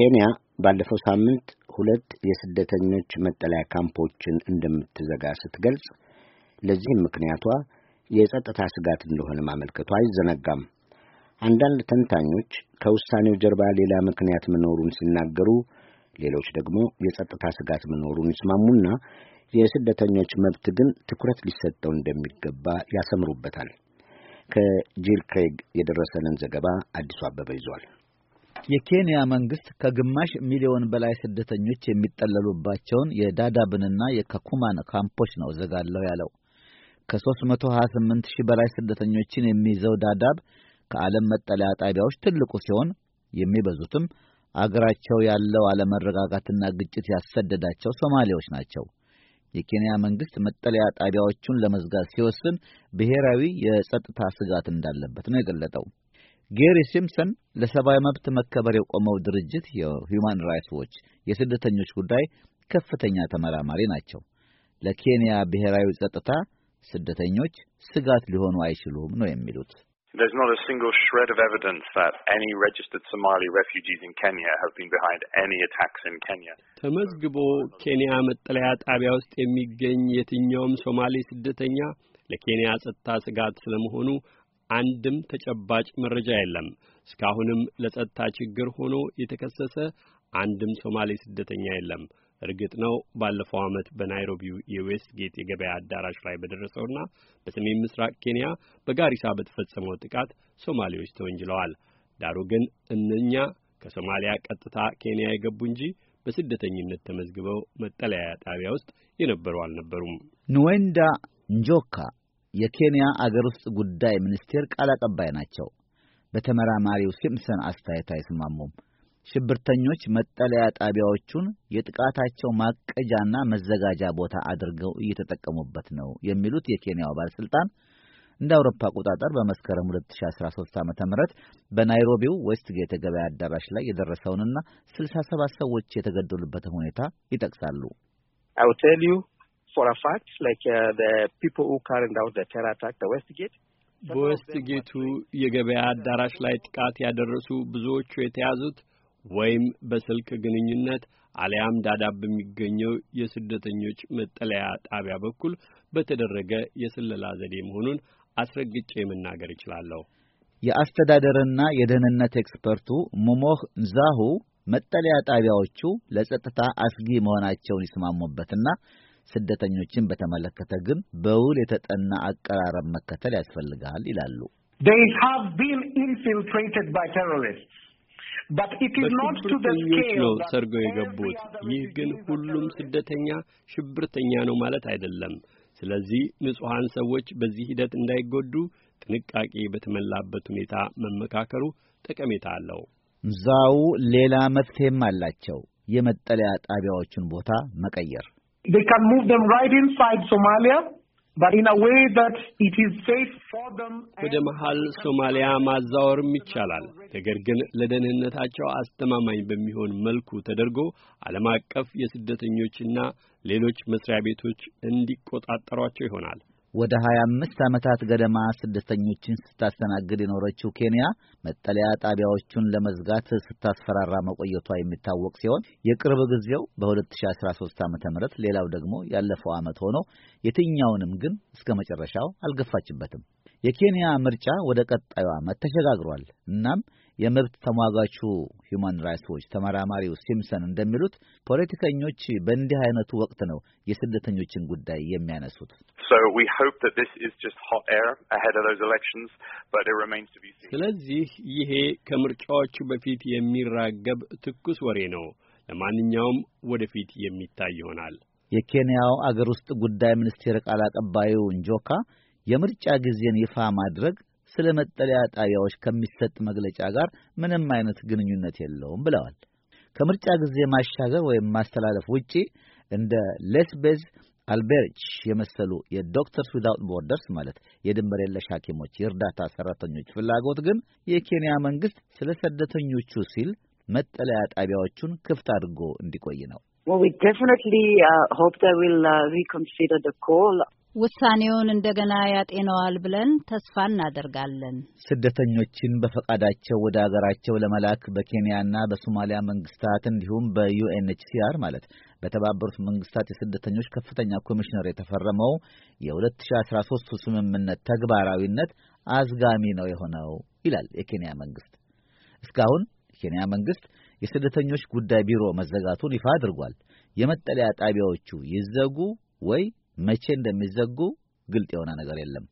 ኬንያ ባለፈው ሳምንት ሁለት የስደተኞች መጠለያ ካምፖችን እንደምትዘጋ ስትገልጽ ለዚህም ምክንያቷ የጸጥታ ስጋት እንደሆነ ማመልከቷ አይዘነጋም። አንዳንድ ተንታኞች ከውሳኔው ጀርባ ሌላ ምክንያት መኖሩን ሲናገሩ፣ ሌሎች ደግሞ የጸጥታ ስጋት መኖሩን ይስማሙና የስደተኞች መብት ግን ትኩረት ሊሰጠው እንደሚገባ ያሰምሩበታል። ከጂል ክሬግ የደረሰንን ዘገባ አዲሱ አበበ ይዟል። የኬንያ መንግስት ከግማሽ ሚሊዮን በላይ ስደተኞች የሚጠለሉባቸውን የዳዳብንና የከኩማን ካምፖች ነው ዘጋለሁ ያለው። ከ328 ሺህ በላይ ስደተኞችን የሚይዘው ዳዳብ ከዓለም መጠለያ ጣቢያዎች ትልቁ ሲሆን የሚበዙትም አገራቸው ያለው አለመረጋጋትና ግጭት ያሰደዳቸው ሶማሌዎች ናቸው። የኬንያ መንግስት መጠለያ ጣቢያዎቹን ለመዝጋት ሲወስን ብሔራዊ የጸጥታ ስጋት እንዳለበት ነው የገለጠው። ጌሪ ሲምፕሰን ለሰብአዊ መብት መከበር የቆመው ድርጅት የሂውማን ራይትስ ዎች የስደተኞች ጉዳይ ከፍተኛ ተመራማሪ ናቸው። ለኬንያ ብሔራዊ ጸጥታ ስደተኞች ስጋት ሊሆኑ አይችሉም ነው የሚሉት። There's not a single shred of evidence that any registered Somali refugees in Kenya have been behind any attacks in Kenya. ተመዝግቦ ኬንያ መጠለያ ጣቢያ ውስጥ የሚገኝ የትኛውም ሶማሌ ስደተኛ ለኬንያ ጸጥታ ስጋት ስለመሆኑ አንድም ተጨባጭ መረጃ የለም። እስካሁንም ለጸጥታ ችግር ሆኖ የተከሰሰ አንድም ሶማሌ ስደተኛ የለም። እርግጥ ነው ባለፈው ዓመት በናይሮቢው ጌት የገበያ አዳራሽ ላይ በደረሰውና በሰሜን ምስራቅ ኬንያ በጋሪሳ በተፈጸመው ጥቃት ሶማሌዎች ተወንጅለዋል። ዳሩ ግን እነኛ ከሶማሊያ ቀጥታ ኬንያ የገቡ እንጂ በስደተኝነት ተመዝግበው መጠለያ ጣቢያ ውስጥ የነበሩ አልነበሩም። ንዌንዳ ንጆካ የኬንያ አገር ውስጥ ጉዳይ ሚኒስቴር ቃል አቀባይ ናቸው። በተመራማሪው ሲምፕሰን አስተያየት አይስማሙም። ሽብርተኞች መጠለያ ጣቢያዎቹን የጥቃታቸው ማቀጃና መዘጋጃ ቦታ አድርገው እየተጠቀሙበት ነው የሚሉት የኬንያው ባለሥልጣን እንደ አውሮፓ አቆጣጠር በመስከረም 2013 ዓ.ም በናይሮቢው ዌስትጌት የገበያ አዳራሽ ላይ የደረሰውንና 67 ሰዎች የተገደሉበትን ሁኔታ ይጠቅሳሉ። for a fact, like uh, the people who carried out the terror attack, the Westgate. በዌስትጌቱ የገበያ አዳራሽ ላይ ጥቃት ያደረሱ ብዙዎቹ የተያዙት ወይም በስልክ ግንኙነት አሊያም ዳዳብ በሚገኘው የስደተኞች መጠለያ ጣቢያ በኩል በተደረገ የስለላ ዘዴ መሆኑን አስረግጬ መናገር እችላለሁ። የአስተዳደርና የደህንነት ኤክስፐርቱ ሙሞህ ዛሁ መጠለያ ጣቢያዎቹ ለጸጥታ አስጊ መሆናቸውን ይስማሙበትና ስደተኞችን በተመለከተ ግን በውል የተጠና አቀራረብ መከተል ያስፈልጋል ይላሉ። በሽብርተኞች ነው ሰርገው የገቡት። ይህ ግን ሁሉም ስደተኛ ሽብርተኛ ነው ማለት አይደለም። ስለዚህ ንጹሐን ሰዎች በዚህ ሂደት እንዳይጎዱ ጥንቃቄ በተሞላበት ሁኔታ መመካከሩ ጠቀሜታ አለው። ዛው ሌላ መፍትሄም አላቸው። የመጠለያ ጣቢያዎቹን ቦታ መቀየር They can move them right inside Somalia. ወደ መሀል ሶማሊያ ማዛወርም ይቻላል። ነገር ግን ለደህንነታቸው አስተማማኝ በሚሆን መልኩ ተደርጎ ዓለም አቀፍ የስደተኞችና ሌሎች መስሪያ ቤቶች እንዲቆጣጠሯቸው ይሆናል። ወደ 25 ዓመታት ገደማ ስደተኞችን ስታስተናግድ የኖረችው ኬንያ መጠለያ ጣቢያዎቹን ለመዝጋት ስታስፈራራ መቆየቷ የሚታወቅ ሲሆን የቅርብ ጊዜው በ2013 ዓ ም ሌላው ደግሞ ያለፈው ዓመት ሆኖ የትኛውንም ግን እስከ መጨረሻው አልገፋችበትም። የኬንያ ምርጫ ወደ ቀጣዩ ዓመት ተሸጋግሯል። እናም የመብት ተሟጋቹ ሁማን ራይትስ ዎች ተመራማሪው ሲምሰን እንደሚሉት ፖለቲከኞች በእንዲህ አይነቱ ወቅት ነው የስደተኞችን ጉዳይ የሚያነሱት። ስለዚህ ይሄ ከምርጫዎቹ በፊት የሚራገብ ትኩስ ወሬ ነው። ለማንኛውም ወደፊት የሚታይ ይሆናል። የኬንያው አገር ውስጥ ጉዳይ ሚኒስቴር ቃል አቀባዩ እንጆካ የምርጫ ጊዜን ይፋ ማድረግ ስለ መጠለያ ጣቢያዎች ከሚሰጥ መግለጫ ጋር ምንም አይነት ግንኙነት የለውም ብለዋል። ከምርጫ ጊዜ ማሻገር ወይም ማስተላለፍ ውጪ እንደ ሌስቤዝ አልቤርች የመሰሉ የዶክተርስ ዊዛውት ቦርደርስ ማለት የድንበር የለሽ ሐኪሞች የእርዳታ ሠራተኞች ፍላጎት ግን የኬንያ መንግሥት ስለ ስደተኞቹ ሲል መጠለያ ጣቢያዎቹን ክፍት አድርጎ እንዲቆይ ነው። ውሳኔውን እንደገና ያጤነዋል ብለን ተስፋ እናደርጋለን። ስደተኞችን በፈቃዳቸው ወደ አገራቸው ለመላክ በኬንያና በሶማሊያ መንግስታት እንዲሁም በዩኤንኤችሲአር ማለት በተባበሩት መንግስታት የስደተኞች ከፍተኛ ኮሚሽነር የተፈረመው የ2013 ስምምነት ተግባራዊነት አዝጋሚ ነው የሆነው ይላል የኬንያ መንግስት። እስካሁን የኬንያ መንግስት የስደተኞች ጉዳይ ቢሮ መዘጋቱን ይፋ አድርጓል። የመጠለያ ጣቢያዎቹ ይዘጉ ወይ መቼ እንደሚዘጉ ግልጥ የሆነ ነገር የለም።